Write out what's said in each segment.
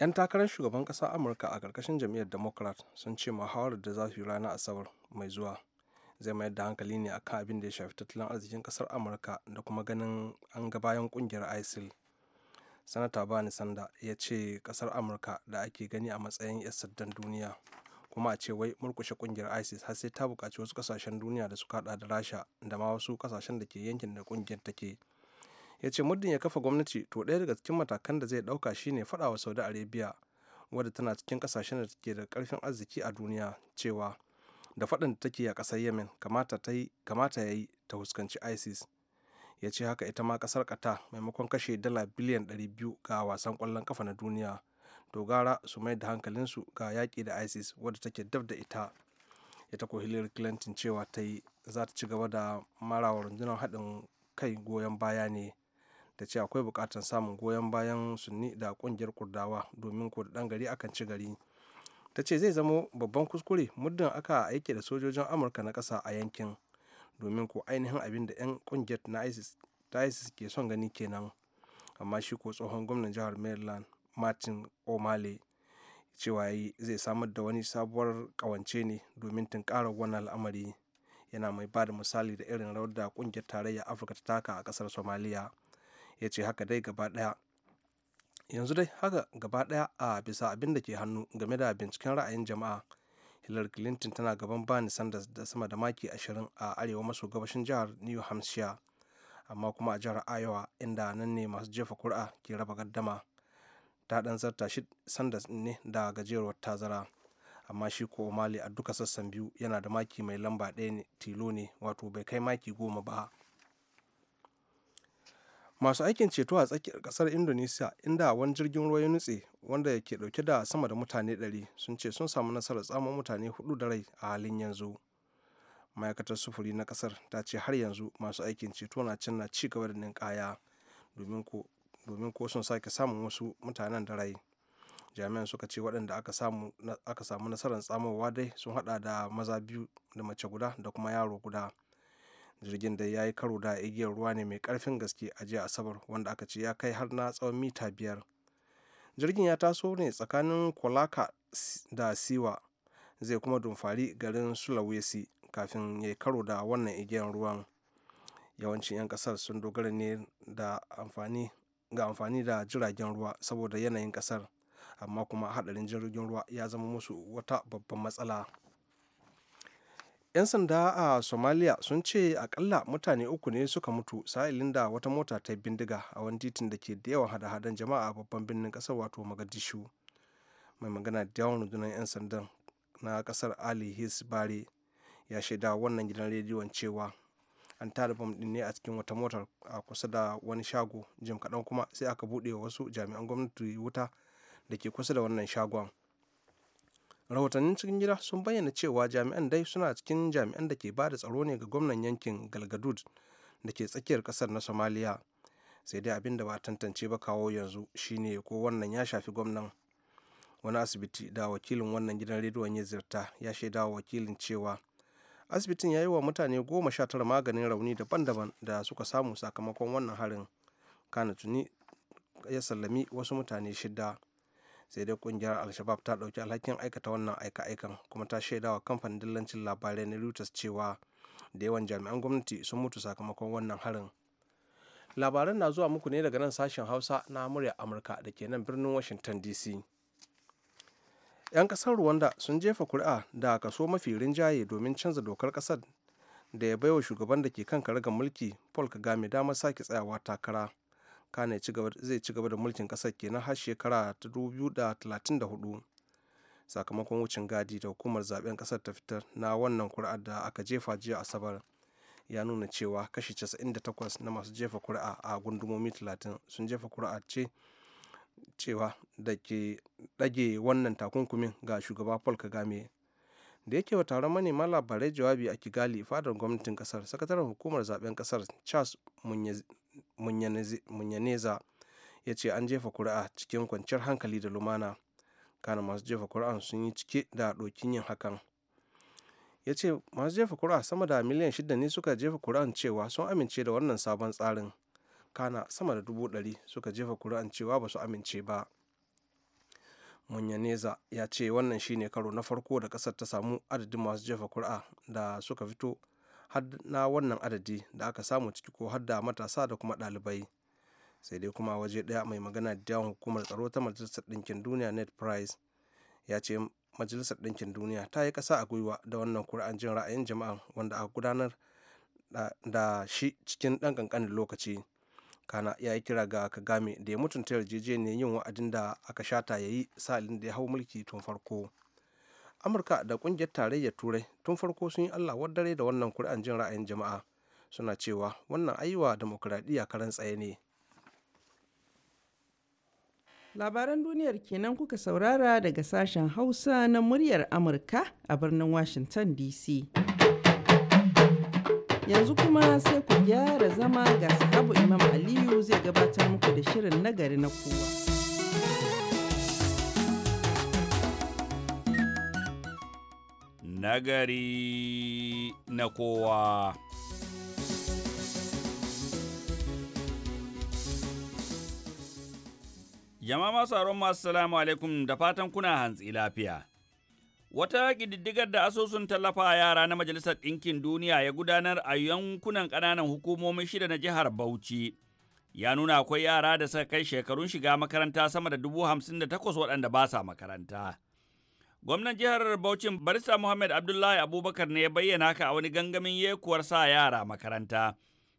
'yan takarar shugaban ƙasar amurka a ƙarƙashin jam'iyyar democrat sun ce muhawarar da za su yi ranar asabar mai zuwa zai mayar da hankali ne a akan abin da ya shafi tattalin arzikin ƙasar amurka da kuma ganin an ga bayan ƙungiyar isil sanata bani sanda ya ce ƙasar amurka da ake gani a matsayin 'yan saddan duniya kuma a ce wai murkushe ƙungiyar isis har sai ta buƙaci wasu ƙasashen duniya da suka hada da rasha da ma wasu ƙasashen da ke yankin da ƙungiyar take ya ce muddin ya kafa gwamnati to ɗaya daga cikin matakan da zai ɗauka shine faɗa wa saudi arabia wadda tana cikin ƙasashen da ke da ƙarfin arziki a duniya cewa da faɗin da take a ƙasar yemen kamata ya yi ta huskanci isis ya ce haka ita ma ƙasar ƙata maimakon kashe dala biliyan 200 ga wasan ƙwallon ƙafa na duniya to gara su mai da hankalinsu ga yaƙi da isis wadda take dab da ita ita ko hillary clinton cewa ta yi za ta ci gaba da marawa rundunar haɗin kai goyon baya ne ta ce akwai bukatar samun goyon bayan sunni da kungiyar kurdawa domin ko da dan gari akan ci gari ta ce zai zama babban kuskure muddin aka aike da sojojin amurka na ƙasa a yankin domin ko ainihin abin da 'yan kungiyar na isis ta isis ke son gani kenan amma shi ko tsohon gwamnan jihar maryland martin o'male cewa yi zai samar da wani sabuwar kawance ne domin tunkarar wannan al'amari yana mai ba da misali da irin rawar da kungiyar tarayya afirka ta taka a kasar somaliya ya ce haka dai gaba ɗaya yanzu dai haka gaba ɗaya a bisa abin da ke hannu game da binciken ra'ayin jama'a hillary clinton tana gaban bani sanders da sama da maki ashirin a arewa maso gabashin jihar new hampshire amma kuma a jihar iowa inda nan ne masu jefa kuri'a ke raba gaddama ta ɗan zarta shi sanders ne da gajeruwar tazara amma shi ko O'Malley a duka sassan biyu yana da maki mai lamba ɗaya ne tilo ne wato bai kai maki goma ba masu aikin ceto a tsakiyar kasar indonesia inda wani jirgin ruwa ya nutse wanda ke dauke da sama da mutane 100 sun ce sun samu nasarar tsamun mutane hudu da rai a halin yanzu ma'aikatar sufuri na kasar ta ce har yanzu masu aikin ceto na can na ci gaba da ninkaya domin ko sun sake samun wasu mutanen da rai jami'an suka ce waɗanda aka samu nasarar tsamowa dai sun hada da maza biyu da mace guda da kuma yaro guda jirgin da ya yi karo da igiyar ruwa ne mai karfin gaske a jiya asabar wanda aka ce ya kai har na tsawon mita biyar jirgin ya taso ne tsakanin kolaka da siwa zai kuma dumfari garin sulawesi kafin ya yi karo da wannan igiyar ruwan yawancin 'yan kasar sun dogara ne ga amfani da jiragen ruwa saboda yanayin kasar amma kuma hadarin jirgin ruwa ya zama musu wata babban matsala 'yan sanda a somalia sun ce akalla mutane uku ne suka mutu sa'ilin da wata mota ta bindiga a wani titin da ke da yawan hada-hadan jama'a a babban birnin kasar wato magadishu mai magana da yawan rundunar 'yan sandan na kasar ali his bare ya shaida wannan gidan rediyon cewa an tara bam din ne a cikin wata motar a kusa da wani shago jim kaɗan kuma sai aka buɗe wasu jami'an gwamnati wuta da ke kusa da wannan shagon rahotannin cikin gida sun bayyana cewa jami'an dai suna cikin jami'an da ke ba da tsaro ne ga gwamnan yankin galgadud da ke tsakiyar kasar na somaliya sai dai abin da ba tantance ba kawo yanzu shine ko wannan ya shafi gwamnan wani asibiti da wakilin wannan gidan rediyon ya zirta ya shaida wa wakilin cewa asibitin ya yi wa mutane goma sha tara maganin rauni daban-daban da suka samu sakamakon wannan harin kana tuni ya sallami wasu mutane shida sai dai kungiyar alshabab ta ɗauki alhakin aikata wannan aika-aikan kuma ta shaidawa kamfanin dillancin labarai na reuters cewa da yawan jami'an gwamnati sun mutu sakamakon wannan harin labaran na zuwa muku ne daga nan sashen hausa na murya amurka da ke nan birnin washington dc 'yan kasar rwanda sun jefa kuri'a da kaso mafi rinjaye domin canza dokar kasar da ya baiwa shugaban da ke kan karagar mulki paul kagame damar sake tsayawa takara kana zai ci gaba da mulkin ƙasar kenan har shekara ta 2034 sakamakon wucin gadi da hukumar zaben ƙasar ta fitar na wannan kuri'ar da aka jefa jiya asabar ya nuna cewa kashi 98 na masu jefa kuri'a a gundumomi 30 sun jefa kuri'a ce cewa da ke ɗage wannan takunkumin ga shugaba paul kagame da yake wa taron manema labarai jawabi a kigali fadar gwamnatin kasar sakataren hukumar zaben kasar charles munyaneza ya ce an jefa kuri'a cikin kwanciyar hankali da lumana kana masu jefa kuri'an sun yi cike da dokin yin hakan ya ce masu jefa kuri'a sama da miliyan shida ne suka jefa kuri'an cewa sun amince da wannan sabon tsarin kana sama da dubu ɗari suka jefa kuri'an cewa ba su amince ba munyaneza ya ce wannan shine karo na farko da ƙasar ta samu adadin masu jefa kuri'a da suka fito na wannan adadi da aka samu ciki ko har da matasa da kuma ɗalibai sai dai kuma waje ɗaya mai magana da yawon hukumar tsaro ta majalisar ɗinkin duniya net price ya ce majalisar ɗinkin duniya ta yi ƙasa a gwiwa da wannan kuri'an jin ra'ayin jama'a wanda aka gudanar da shi cikin ɗan ƙanƙanin lokaci kana ya yi kira ga kagame da ya mutunta yarjejeniyar yin wa'adin da aka shata ya yi salin da ya hau mulki tun farko amurka da kungiyar tarayyar turai tun farko sun yi allah dare da wannan kuri'an jin ra'ayin jama'a suna cewa wannan aiwa demokuraɗiyya karan tsaye ne labaran duniyar kenan kuka saurara daga sashen hausa na muryar amurka a birnin washington dc yanzu kuma sai ku gyara zama ga sahabu imam aliyu zai gabatar muku da shirin nagari na kowa. nagari na kowa. Jama'a masu masu salamu alaikum da fatan kuna hantsi lafiya. Wata ƙididdigar da asusun tallafa yara na Majalisar Ɗinkin Duniya ya gudanar a yankunan ƙananan hukumomin shida na jihar Bauchi. Ya nuna akwai yara da suka kai shekarun shiga makaranta sama da dubu hamsin da takwas waɗanda ba sa makaranta. Gwamnan jihar Bauchi Barista Muhammad Abdullahi Abubakar ne ya bayyana haka a wani gangamin yekuwar sa yara makaranta.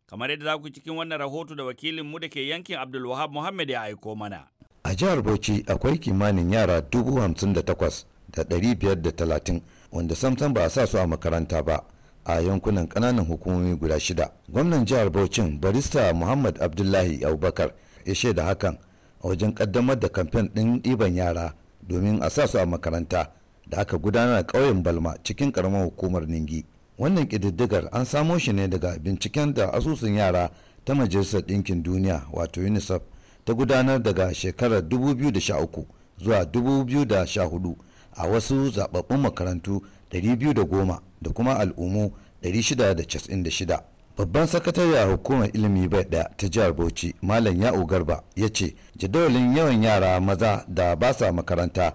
Kamar yadda za ku cikin wannan rahoto da wakilin mu da ke yankin Abdul Wahab Muhammad ya aiko mana. A jihar Bauchi akwai kimanin yara dubu hamsin da takwas da ɗari biyar da talatin wanda samsam ba a sa su a makaranta ba a yankunan ƙananan hukumomi guda shida. Gwamnan jihar Bauchin Barista Muhammad Abdullahi Abubakar ya shaida hakan a wajen ƙaddamar da kamfen ɗin ɗiban yara domin a sa su a makaranta da aka gudanar a ƙauyen balma cikin ƙaramar hukumar ningi wannan ƙididdigar an samo shi ne daga binciken da asusun yara ta majalisar ɗinkin duniya wato unicef ta gudanar daga shekarar 2013 zuwa 2014 a wasu zababbun makarantu 210 da kuma al'umu 696 babban sakatare a hukumar ilimi bai daya ta jihar bauchi malam ya'u garba ya ce jadawalin yawan yara maza da ba sa makaranta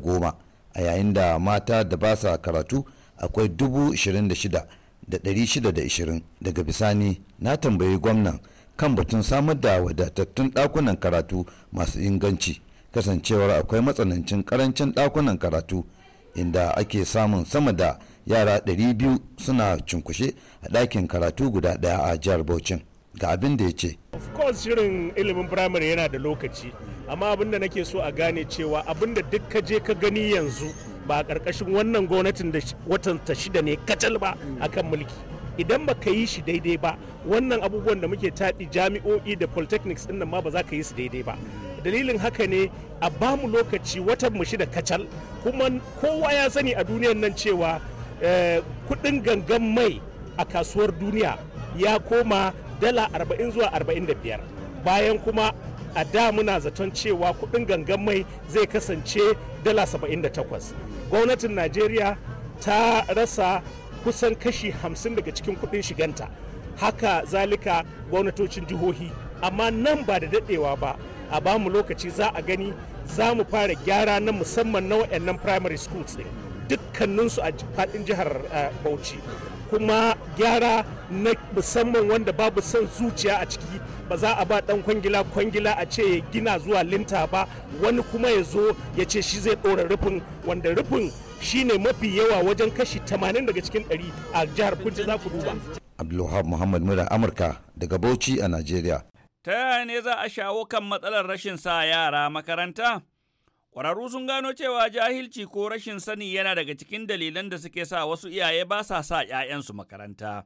goma a yayin da mata da ba sa karatu akwai 26,620 daga bisani na tambayi gwamnan kan batun samar da wadatattun ɗakunan karatu masu inganci kasancewar akwai matsanancin karancin ɗakunan karatu inda ake samun sama da yara 200 suna cunkushe a ɗakin karatu guda ɗaya a jihar Bauchin. ga abin da ya ce. Of course shirin ilimin firamare yana da lokaci, amma abin da nake so a gane cewa abin da duk ka je ka gani yanzu ba a ƙarƙashin wannan gwamnatin da watan ta shida ne kacal ba akan mulki. Idan ba ka yi shi daidai ba, wannan abubuwan da muke taɗi jami'o'i da polytechnics ɗin ma ba za ka yi su daidai ba. dalilin haka ne a bamu lokaci watan mu shida kacal kuma kowa ya sani a duniyar nan cewa Eh, kudin gangan mai a kasuwar duniya ya koma dala 40 zuwa 45 bayan kuma a da muna zaton cewa kudin gangan mai zai kasance dala 78 gwamnatin najeriya ta rasa kusan kashi 50 daga cikin kudin shiganta haka zalika gwamnatocin jihohi amma nan ba da daɗewa ba a bamu lokaci za a gani za mu fara gyara na musamman na waɗannan primary schools ɗin dukkaninsu a faɗin jihar eh, bauchi kuma gyara na musamman wanda babu son zuciya a ciki ba za a ba dan kwangila kwangila a ce ya gina zuwa linta ba wani kuma ya zo ya ce shi zai ɗora rufin wanda rufin shine mafi yawa wajen kashi 80 daga cikin 100 a jihar kudu za ku duba abdulwahab muhammad mura amurka daga bauchi a najeriya ta yaya ne za a shawo kan matsalar rashin sa yara makaranta Kwararru sun gano cewa jahilci ko rashin sani yana daga cikin dalilan da suke sa wasu iyaye ba sa sa 'ya'yansu makaranta.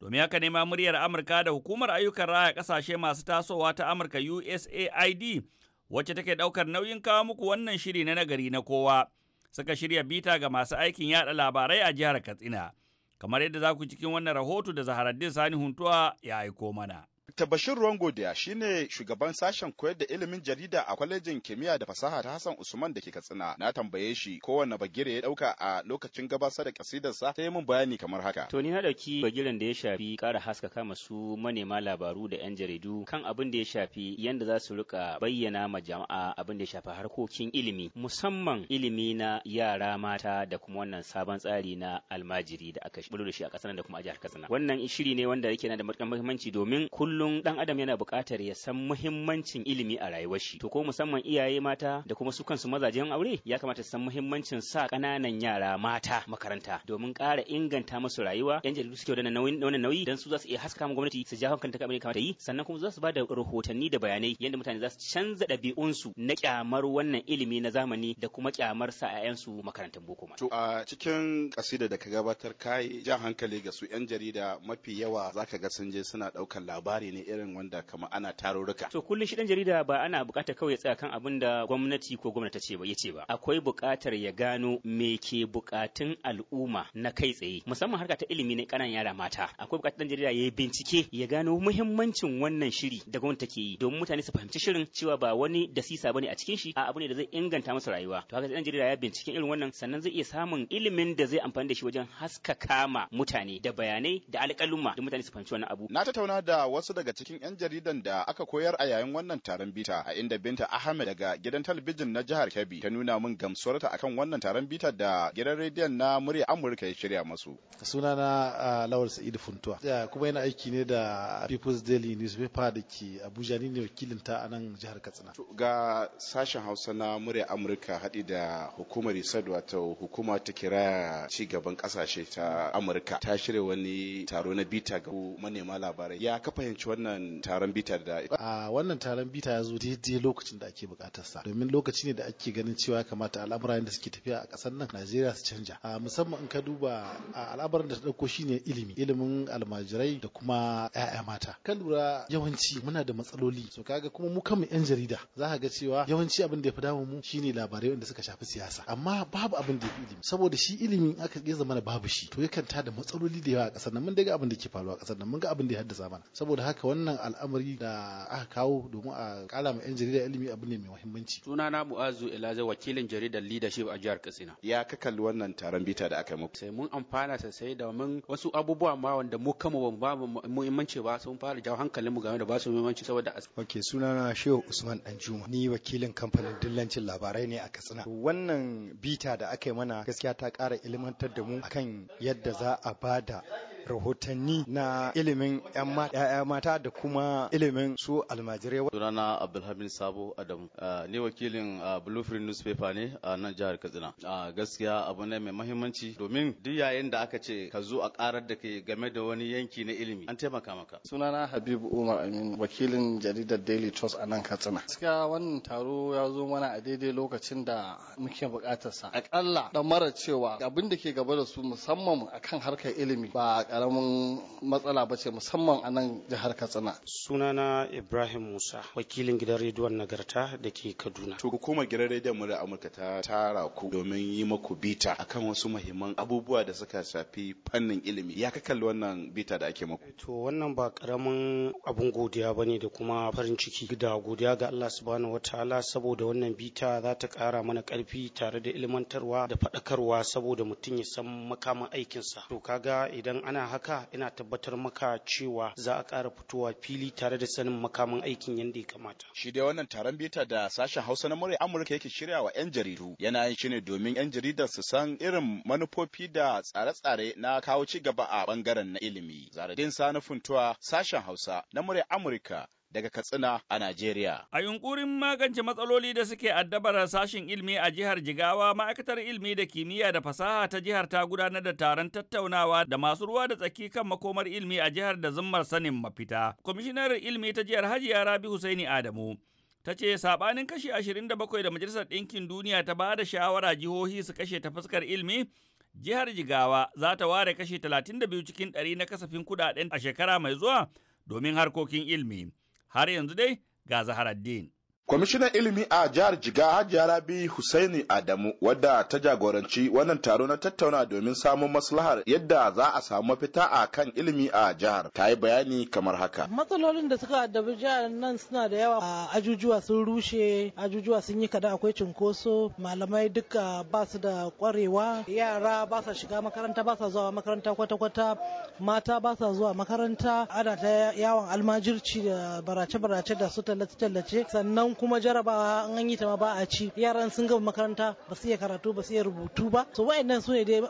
Domin haka nema muryar Amurka da hukumar ayyukan raya ƙasashe masu tasowa ta Amurka USAID wacce take ɗaukar nauyin kawo muku wannan shiri na nagari na kowa. Suka shirya bita ga masu aikin yaɗa labarai a jihar Katsina. Kamar yadda za ku cikin wannan rahoto da Zaharaddin Sani Huntuwa ya aiko mana. Tabashin Ruwan Godiya shine shugaban sashen koyar da ilimin jarida a kwalejin kimiyya da fasaha ta Hassan Usman da ke Katsina. Na tambaye shi kowanne bagire ya dauka a lokacin gabasar da kasidarsa ta yi min bayani kamar haka. To ni na dauki bagiren da ya shafi kara haskaka masu manema labaru da 'yan jaridu kan abin da ya shafi yadda za su rika bayyana ma jama'a abin da ya shafi harkokin ilimi musamman ilimi na yara mata da kuma wannan sabon tsari na almajiri da aka shi da shi a kasar da kuma a jihar Katsina. Wannan shiri ne wanda yake na da matuƙar muhimmanci domin kullum kullum ɗan adam yana buƙatar ya san muhimmancin ilimi a rayuwar shi to ko musamman iyaye mata da kuma su kansu mazajen aure ya kamata su san muhimmancin sa ƙananan yara mata makaranta domin ƙara inganta musu rayuwa yan jaridu suke da wannan nauyi dan su za su iya haska mu gwamnati su ja kanta kamar yi sannan kuma za su ba da rahotanni da bayanai yadda mutane za su canza ɗabi'unsu na kyamar wannan ilimi na zamani da kuma kyamar sa yansu makarantar boko To a cikin kasida da ka gabatar kai jan hankali ga su 'yan jarida mafi yawa zaka ga sun je suna daukar labari tsari ne irin wanda kamar ana tarurruka to kullum shi dan jarida ba ana bukatar kawai tsaya kan abin da gwamnati ko gwamnati ce ba yace ba akwai bukatar ya gano me ke bukatun al'umma na kai tsaye musamman harka ta ilimi ne kanan yara mata akwai bukatar dan jarida ya bincike ya gano muhimmancin wannan shiri da gwamnati take yi don mutane su fahimci shirin cewa ba wani da sisa bane a cikin shi a abu ne da zai inganta masa rayuwa to haka dan jarida ya bincike irin wannan sannan zai iya samun ilimin da zai amfani da shi wajen haskaka ma mutane da bayanai da alƙaluma da mutane su fahimci wannan abu na tattauna da wasu wasu daga cikin 'yan jaridan da aka koyar a yayin wannan taron bita a inda Binta Ahmed daga gidan talabijin na jihar Kebbi ta nuna min gamsuwarta akan wannan taron bita da gidan rediyon na murya Amurka ya shirya masu. Sunana Lawal Sa'idu Funtuwa. Kuma yana aiki ne da People's Daily Newspaper da ke Abuja ne wakilinta a nan jihar Katsina. Ga sashen Hausa na murya Amurka haɗi da hukumar Isad wato hukuma ta kira ci gaban ƙasashe ta Amurka ta shirya wani taro na bita ga manema labarai. Ya ka fahimci halarci wannan taron bita da a wannan taron bita ya zo daidai lokacin da ake bukatar sa domin lokaci ne da ake ganin cewa kamata al'amuran da suke tafiya a kasar nan Najeriya su canja a musamman in ka duba al'amuran da ta dauko shine ilimi ilimin almajirai da kuma ƴaƴa mata kan lura yawanci muna da matsaloli so kaga kuma mu kanmu 'yan jarida za ka ga cewa yawanci abin da ya fi damu mu shine labarai wanda suka shafi siyasa amma babu abin da ya fi ilimi saboda shi ilimi aka ya zama babu shi to yakan tada matsaloli da yawa a kasar nan mun daga abin da ke faruwa a kasar nan mun ga abin da ya haddasa mana saboda haka wannan al'amari da aka kawo domin a kara ma 'yan jarida ilimi abu ne mai muhimmanci. na Mu'azu Elaza wakilin jaridar leadership a jihar Katsina. Ya ka kalli wannan taron bita da aka muku. Sai mun amfana sosai da mun wasu abubuwa ma wanda mu kama ba mu muhimmanci ba sun fara jawo hankalinmu game da ba su muhimmanci saboda as. Ok sunana Shehu Usman Danjuma ni wakilin kamfanin dillancin labarai ne a Katsina. Wannan bita da aka yi mana gaskiya ta kara ilmantar da mu akan yadda za a bada rahotanni na ilimin 'yan mata da kuma ilimin su almajirai. Sunana Abdulhamid Sabo Adamu. Ni wakilin Blueprint Newspaper ne a nan jihar Katsina. Gaskiya abu ne mai mahimmanci domin duk yayin da aka ce ka zo a karar da ke game da wani yanki na ilimi an taimaka maka. Sunana Habibu Umar amin wakilin jaridar Daily Trust a nan Katsina. Gaskiya wannan taro ya zo mana a daidai lokacin da muke buƙatarsa. Akalla da mara cewa abin da ke gaba da su musamman akan harkar ilimi ba karamin matsala ba ce musamman a nan jihar Katsina. Sunana Ibrahim Musa, wakilin gidan rediyon Nagarta da ke Kaduna. To hukumar gidan rediyon mu da Amurka ta tara ku domin yi maku bita akan wasu muhimman abubuwa da suka shafi fannin ilimi. Ya ka kalli wannan bita da ake maku? To wannan ba karamin abun godiya bane da kuma farin ciki da godiya ga Allah subhanahu wataala saboda wannan bita za ta kara mana karfi tare da ilmantarwa da faɗakarwa saboda mutum ya san makaman aikinsa. To kaga idan ana yana haka ina tabbatar maka cewa za a ƙara fitowa fili tare da sanin makaman aikin yadda ya kamata. Shi dai wannan taron bita da sashen Hausa na murya Amurka yake shirya wa 'yan jaridu yana yin shi ne domin 'yan jaridar su san irin manufofi da tsare-tsare na kawo ci gaba a bangaren na ilimi. Zaradin Sani Funtuwa sashen Hausa na murya Amurka daga Katsina a Najeriya. A yunkurin magance matsaloli da suke addabar sashin ilmi a jihar Jigawa, ma'aikatar ilmi da kimiyya da fasaha ta jihar ta gudanar da taron tattaunawa da masu ruwa da tsaki kan makomar ilmi a jihar da zummar sanin mafita. Kwamishinar ilmi ta jihar Hajiya Rabi Husaini Adamu. ta ce saɓanin kashi 27 da majalisar ɗinkin duniya ta ba da shawara jihohi su kashe ta fuskar ilimi jihar jigawa za ta ware kashi 32 cikin 100 na kasafin kuɗaɗen a shekara mai zuwa domin harkokin ilimi Har yanzu dai ga Zaharaddin. Kwamishinan ilimi a jihar Jiga Hajiya Rabi Husaini Adamu wadda ta jagoranci wannan taro na tattauna domin samun maslahar yadda za a samu mafita a kan ilimi a jihar ta yi bayani kamar haka. Matsalolin da suka addabi jihar nan suna da yawa ajujuwa sun rushe ajujuwa sun yi kada akwai cinkoso malamai duka ba su da kwarewa yara ba sa shiga makaranta ba sa zuwa makaranta kwata-kwata mata ba sa zuwa makaranta ana ta yawon almajirci da barace-barace da su tallace-tallace sannan sannan kuma jarabawa an yi ta ma ba a ci yaran sun gama makaranta ba su iya karatu ba su iya rubutu ba so wa'annan su ne dai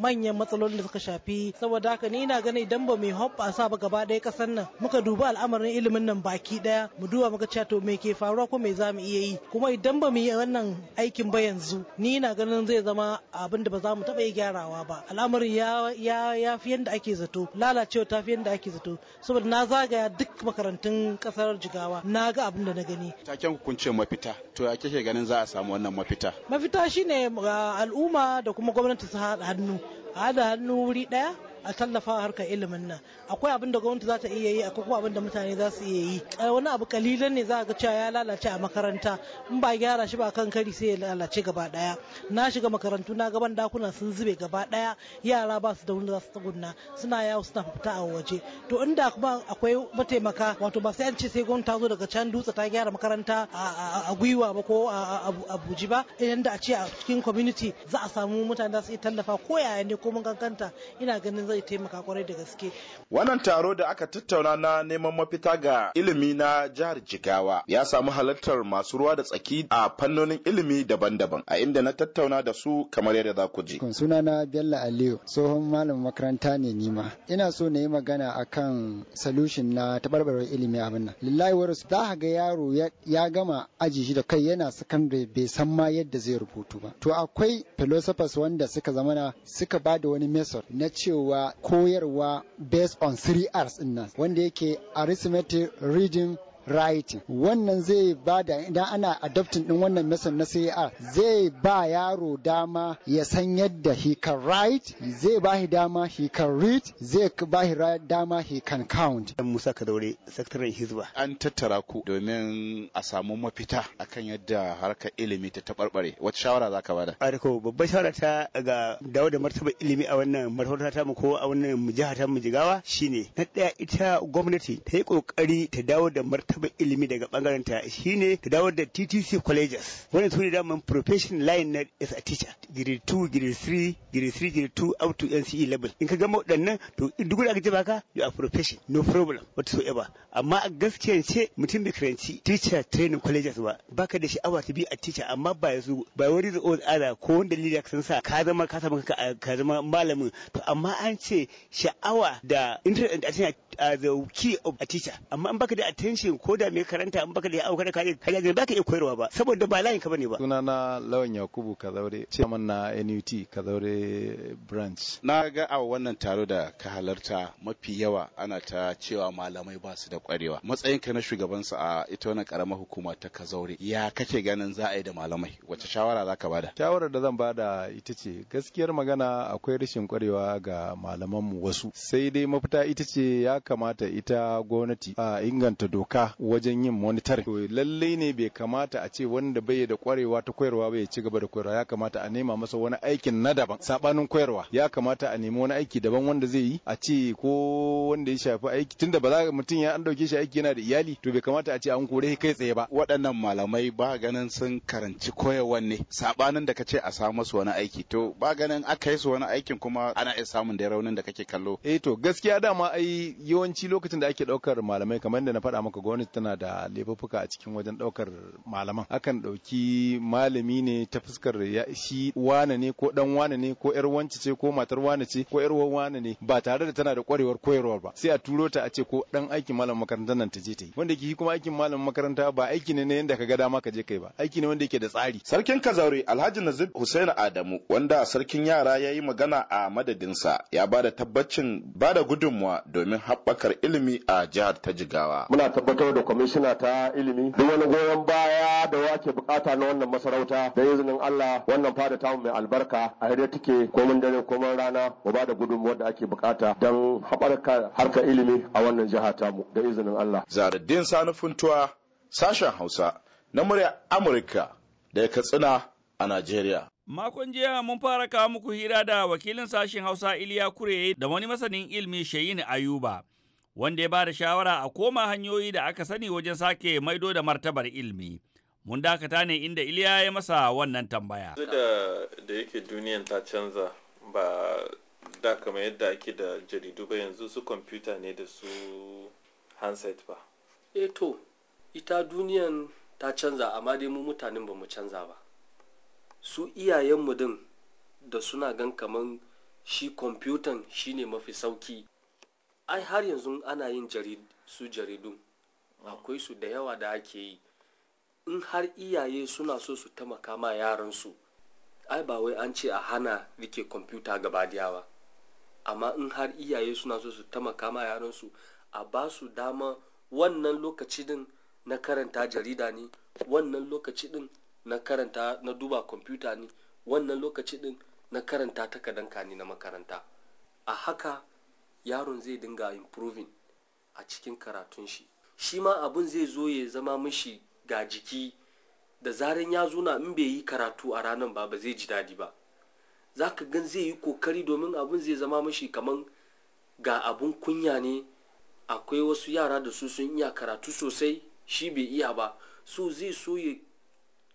manyan matsalolin da suka shafi saboda haka ni ina ganin idan ba mai sa ba gaba ɗaya kasar nan muka duba al'amarin ilimin nan baki ɗaya mu duba muka cewa to me ke faruwa ko me za mu iya yi kuma idan ba mu yi wannan aikin ba yanzu ni ina ganin zai zama abin da ba za mu taɓa yi gyarawa ba al'amarin ya ya fi yanda ake zato lalacewa ta fi yanda ake zato saboda na zagaya duk makarantun ƙasar jigawa na ga abin da na gani kun hukuncin mafita to ya kike ganin za a samu wannan mafita mafita shine uh, al'umma da kuma gwamnati su haɗa hannu haɗa hannu wuri ɗaya a tallafa harkar ilimin nan akwai abin da gwamnati za ta iya yi akwai kuma abin da mutane za su iya yi wani abu kalilan ne za ga cewa ya lalace a makaranta in ba gyara shi ba kan kari sai ya lalace gaba daya na shiga makarantu na gaban dakuna sun zube gaba daya yara ba su da wanda za su tsugunna suna yawo suna fita a waje to inda kuma akwai mataimaka wato ba sai an ce sai gwamnati ta zo daga can dutse ta gyara makaranta a gwiwa ba ko a buji ba idan da a ce a cikin community za a samu mutane za su iya tallafa ko yaya ne ko mun kankanta ina ganin zai taimaka kwarai da gaske. Wannan taro da aka tattauna na neman mafita ga ilimi na jihar Jigawa ya samu halartar masu ruwa da tsaki a fannonin ilimi daban-daban a inda na tattauna da su kamar yadda za ku ji. suna na Bello Aliyu, tsohon malamin makaranta ne nima. Ina so na yi magana akan solution na tabarbarar ilimi abin nan. Lillahi wa za ka ga yaro ya gama aji shi da kai yana sakandare bai san ma yadda zai rubutu ba. To akwai philosophers wanda suka zamana suka ba da wani method na cewa koyarwa based on three R's nan wanda yake arithmetic, reading, writing wannan zai ba da idan ana adapting din wannan method na CAR zai ba yaro dama ya san yadda he can write zai ba shi dama he can read zai ba shi dama he can count Musa Kadore, sakataren Hizba an tattara ku domin a samu mafita akan yadda harkar ilimi ta tabarbare wata shawara zaka bada Ariko babbar shawara ta ga dawo da martaba ilimi a wannan martaba ta mu ko a wannan jihar ta mu jigawa shine na daya ita gwamnati ta yi kokari ta dawo da martaba martaba ilimi daga bangaren ta shine ta dawo da TTC colleges wannan su ne daman profession line na as a teacher grade 2 grade 3 grade 3 grade 2 up to NCE level in ka gama waɗannan to duk da ka ce baka you are profession no problem whatsoever amma a ce, mutum bai karanci teacher training colleges ba baka da sha'awa ta bi a teacher amma ba yanzu ba wani da other ko wanda dalili ka san sa ka zama ka samu ka zama malamin to amma an ce sha'awa da internet a attention a the key of a teacher amma an baka da attention ko da mai karanta an baka da ya auka da kaje kaje ba ka iya koyarwa ba saboda ba layin ka bane ba Suna na lawan yakubu kazaure chairman na NUT kazaure branch na ga a wannan taro da ka halarta mafi yawa ana ta cewa malamai ba su da kwarewa matsayin ka na shugaban su a ita wannan karamar hukuma ta kazaure ya kake ganin za a yi da malamai wace shawara za ka bada shawarar da zan bada ita ce gaskiyar magana akwai rashin kwarewa ga malaman mu wasu sai dai mafita ita ce ya kamata ita gwamnati a inganta doka wajen yin monitor to lalle ne bai kamata a ce wanda bai da kwarewa ta koyarwa bai ci gaba da koyarwa ya kamata a nema masa wani aikin na daban sabanin koyarwa ya kamata a nemi wani aiki daban wanda zai yi a ce ko wanda ya shafi aiki tunda ba za mutum ya an dauke shi aiki yana da iyali to bai kamata a ce an kore kai tsaye ba waɗannan malamai ba ganin sun karanci koyarwan ne sabanin da ka ce a samu su wani aiki to ba ganin aka yi su wani aikin kuma ana iya samun da raunin da kake kallo eh to gaskiya dama ai yawanci lokacin da ake daukar malamai kamar da na faɗa maka gwamnati gwamnati tana da laifuffuka a cikin wajen ɗaukar malaman akan ɗauki malami ne ta fuskar shi wane ne ko dan wane ne ko yar wance ce ko matar wane ce ko yar wane ne ba tare da tana da kwarewar koyarwa ba sai a turo ta a ce ko dan aikin malamin makaranta nan ta je ta yi wanda ke kuma aikin malamin makaranta ba aiki ne na yanda ka ga dama ka je kai ba aiki ne wanda yake da tsari sarkin kazaure alhaji nazib hussein adamu wanda sarkin yara ya yi magana a madadinsa ya ba da tabbacin ba da gudunmuwa domin haɓakar ilimi a jihar ta jigawa muna tabbatar da kwamishina ta ilimi duk wani goyon baya da ke bukata na wannan masarauta da izinin Allah wannan fada ta mai albarka a yadda take komin dare komin rana mu ba da gudunmuwar da ake bukata don haɓarka harka ilimi a wannan jiha mu, da izinin Allah. Zaradin Sani Funtuwa sashen Hausa na murya Amurka ya Katsina a Najeriya. Makon jiya mun fara kawo muku hira da wakilin sashen Hausa Iliya Kure da wani masanin ilimi Shayin Ayuba. wanda ya ba da shawara a koma hanyoyi da aka sani wajen sake maido da martabar ilimi. Mun dakata ne inda Iliya ya masa wannan tambaya. da da yake duniyan ta canza ba da kamar yadda ake da jaridu ba yanzu su kwamfuta ne da su handset ba. eto eh ita duniyan ta canza amma dai mu mutanen ba mu canza ba. Su iyayenmu din da suna gan kamar shi kwamfutan shine mafi sauki ai har yanzu ana yin su jaridu mm. akwai su da yawa da ake yi in har iyaye suna so su taimaka ma yaransu ai ba wai an ce a hana rike kwamfuta gaba ba amma in har iyaye suna so su taimaka ma yaransu a ba su dama wannan lokaci din na karanta jarida ne wannan lokaci din na karanta na duba kwamfuta ne wannan lokaci din na karanta takardanka ne na makaranta a haka yaron zai dinga improving a cikin karatun shi shi ma abin zai zo ya zama mishi ga jiki da zaran ya zuna in bai yi karatu a ranar ba ba zai ji daɗi ba za ka gan zai yi kokari domin abin zai zama mishi kaman ga abin kunya ne akwai wasu yara da su sun iya karatu sosai shi bai iya ba so zai so ya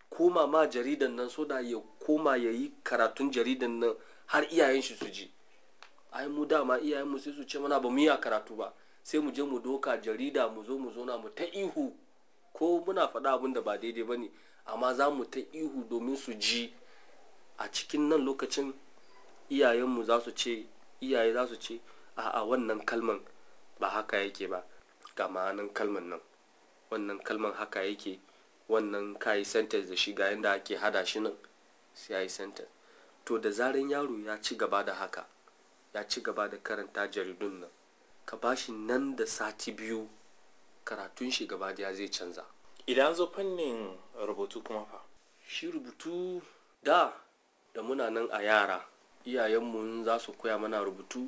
koma ma jaridan nan so da ya koma ya yi karatun jaridan nan har iyayen shi su ji ai mu dama iyayenmu sai su ce mana ba mu yi a karatu ba sai mu je mu doka jarida mu zo mu zauna mu ta ihu ko muna faɗa abin da ba daidai ba ne amma za mu ta ihu domin su ji a cikin nan lokacin iyayenmu za su ce iyaye za su ce a'a wannan kalman ba haka yake ba ga ma'anin kalman nan wannan kalman haka yake wannan ka yi sentence da shi ga yadda ake hada shi nan sai ya yi sentence to da zaran yaro ya ci gaba da haka ya ci gaba da karanta jaridun nan ka bashi nan da sati biyu karatun shi gaba da zai canza idan zo fannin rubutu kuma fa shi rubutu da da muna nan a yara iyayenmu za su koya mana rubutu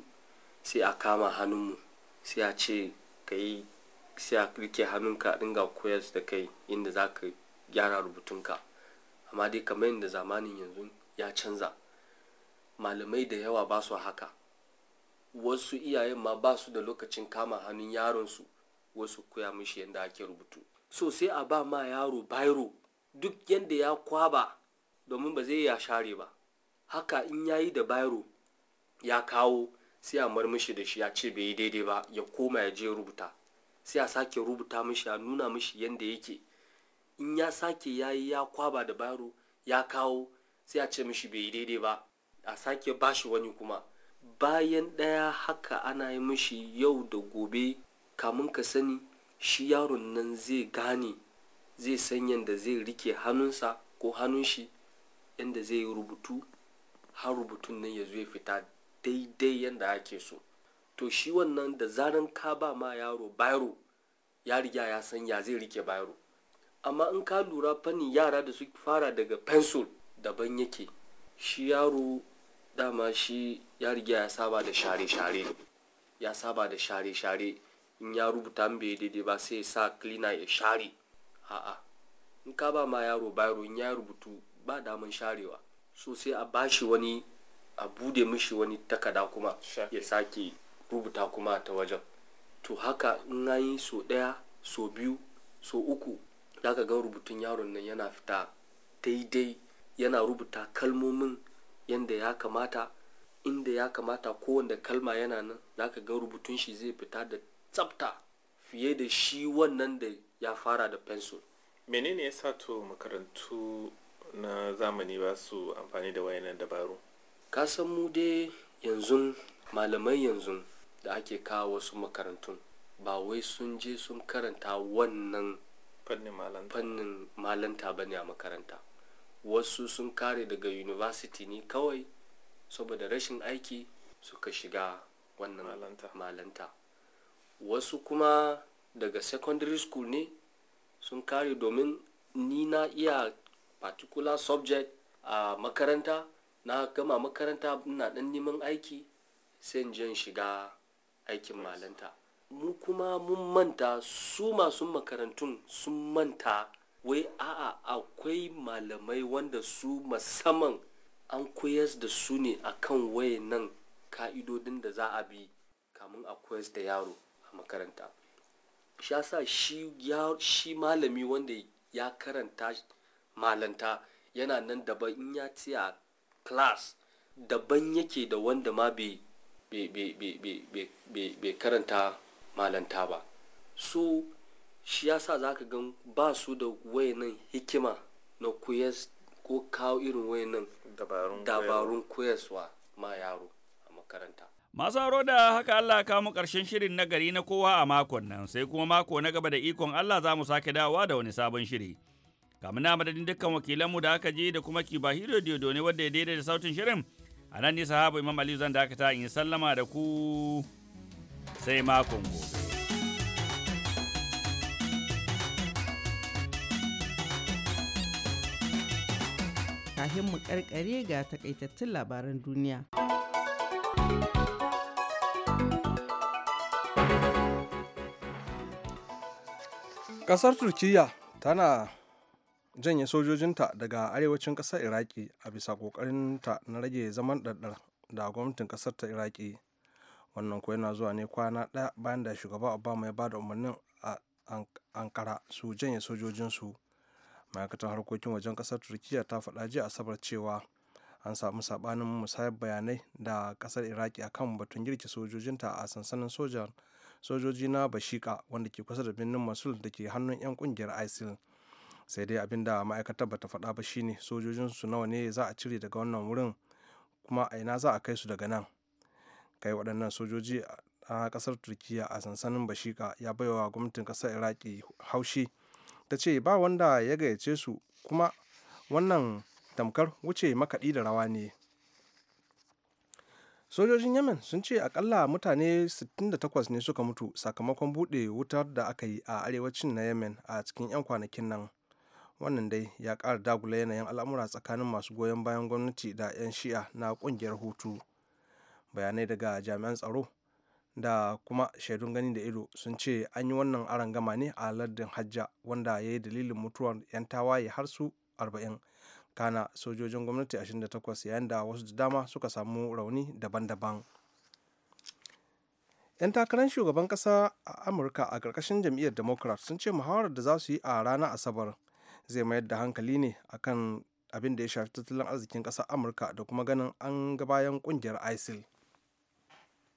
sai a kama hannunmu sai a ce ka yi sai a rike hannunka a dinga koyar da kai inda za ka gyara rubutunka amma dai kamar yadda zamanin yanzu ya canza malamai da yawa ba su haka wasu iyayen ma ba su da lokacin kama hannun yaronsu wasu koya mishi yadda ake rubutu so sai a ba ma yaro bairo duk yadda ya kwaba domin ba zai ya share ba haka in ya yi da bairo ya kawo sai a mar mishi da shi ya ce bai yi daidai ba ya koma ya je rubuta sai a sake rubuta mishi a nuna mishi yadda yake in ya sake ya yi ya kwaba da bairo ya kawo sai a ce mishi bai yi daidai ba a sake bashi wani kuma bayan ɗaya haka ana yi mishi yau da gobe kamun ka sani shi yaron nan zai gane zai san yadda zai rike hannunsa ko hannun shi yadda zai yi rubutu har rubutun nan ya zo fita daidai yadda ake so to shi wannan da zaran ka ba ma yaro bayro ya riga ya san ya zai rike bayro amma in ka lura fannin yara da su fara daga pencil daban yake shi yaro dama shi ya riga ya saba da share-share ya saba da share-share in ya rubuta mbe bai daidai ba sai sa klina ya share a'a in ka ba ma yaro bayro in ya rubutu ba daman sharewa so sai a bashi wani a bude mishi wani takada kuma ya sake rubuta kuma ta wajen to haka in yi so ɗaya so biyu so uku zaka ga rubutun yaron nan yana fita daidai yana rubuta kalmomin yanda ya kamata inda ya kamata kowanne kalma yana nan ka ga rubutun shi zai fita da tsafta fiye da shi wannan da ya fara da pencil menene ya sato makarantu na zamani ba su amfani da wayanan dabaru ka san mu dai yanzu malamai yanzu da ake kawo wasu makarantun ba wai sun je sun karanta wannan fannin malanta ba ne a makaranta wasu sun kare daga university ne kawai saboda rashin aiki suka shiga wannan malanta. malanta wasu kuma daga secondary school ne sun kare domin ni na iya particular subject a makaranta na gama makaranta na dan neman aiki sai jan shiga aikin malanta mu kuma mun manta su masu makarantun sun manta wai a'a akwai malamai wanda su musamman an koyar da su ne a kan akan nan ka'idodin da za a bi kamun a koyas da yaro a makaranta shi sa shi malami wanda ya karanta malanta yana nan daban in ya ce a class daban yake da wanda ma bai karanta malanta ba so shi ya sa za ka gan ba su da wayannan hikima na koyas ko kawo irin wayannan dabarun koyaswa ma yaro a makaranta Masu haro da haka Allah ka mu ƙarshen shirin na gari na kowa a makon nan sai kuma mako na gaba da ikon Allah za mu sake dawowa da wani sabon shiri. Kamu na madadin dukkan wakilanmu da aka je da kuma kiba hiro da ne wadda ya daidai da sautin shirin. A nan ne sahabu Imam Aliyu zan dakata in sallama da ku sai makon gobe. kahin mu karkare ga takaitattun labaran duniya. Ƙasar Turkiyya tana janye sojojinta daga arewacin ƙasar Iraki a bisa ƙoƙarinta na rage zaman ɗaɗɗar da gwamnatin ƙasar ta Iraki. Wannan kuwa yana zuwa ne kwana ɗaya bayan da shugaba Obama ya bada umarnin a Ankara su janye sojojinsu. ma'aikatar harkokin wajen kasar turkiya ta faɗa jiya asabar cewa an samu sabanin musayar bayanai da kasar iraki akan batun girki sojojinta a sansanin sojoji na bashika wanda ke kusa da birnin masul da ke hannun 'yan kungiyar isil sai dai abin da ma'aikatar bata faɗa ba shine sojojinsu nawa ne za a cire daga wannan wurin kuma a ina za a kai su daga nan kai waɗannan sojoji a kasar turkiya a sansanin bashika ya baiwa gwamnatin ƙasar iraki haushi ta ce ba wanda ya gayyace su kuma wannan tamkar wuce makaɗi da rawa ne sojojin yemen sun ce akalla mutane 68 ne suka mutu sakamakon buɗe wutar da aka yi a arewacin na yemen a cikin 'yan kwanakin nan wannan dai ya ƙara dagula yanayin al'amura tsakanin masu goyon bayan gwamnati da 'yan shi'a na ƙungiyar hutu bayanai daga jami'an tsaro da kuma shaidun gani da ido sun ce an yi wannan aron gama ne a lardin hajja wanda ya yi dalilin mutuwar 'yan tawaye har su 40 kana sojojin gwamnati 28 yayin da wasu da dama suka samu rauni daban-daban 'yan takarar shugaban kasa a amurka a ƙarƙashin jam'iyyar democrat sun ce muhawarar da za su yi a ranar asabar zai mayar da hankali ne akan abin da ya shafi tattalin arzikin ƙasar amurka da kuma ganin an ga bayan ƙungiyar isil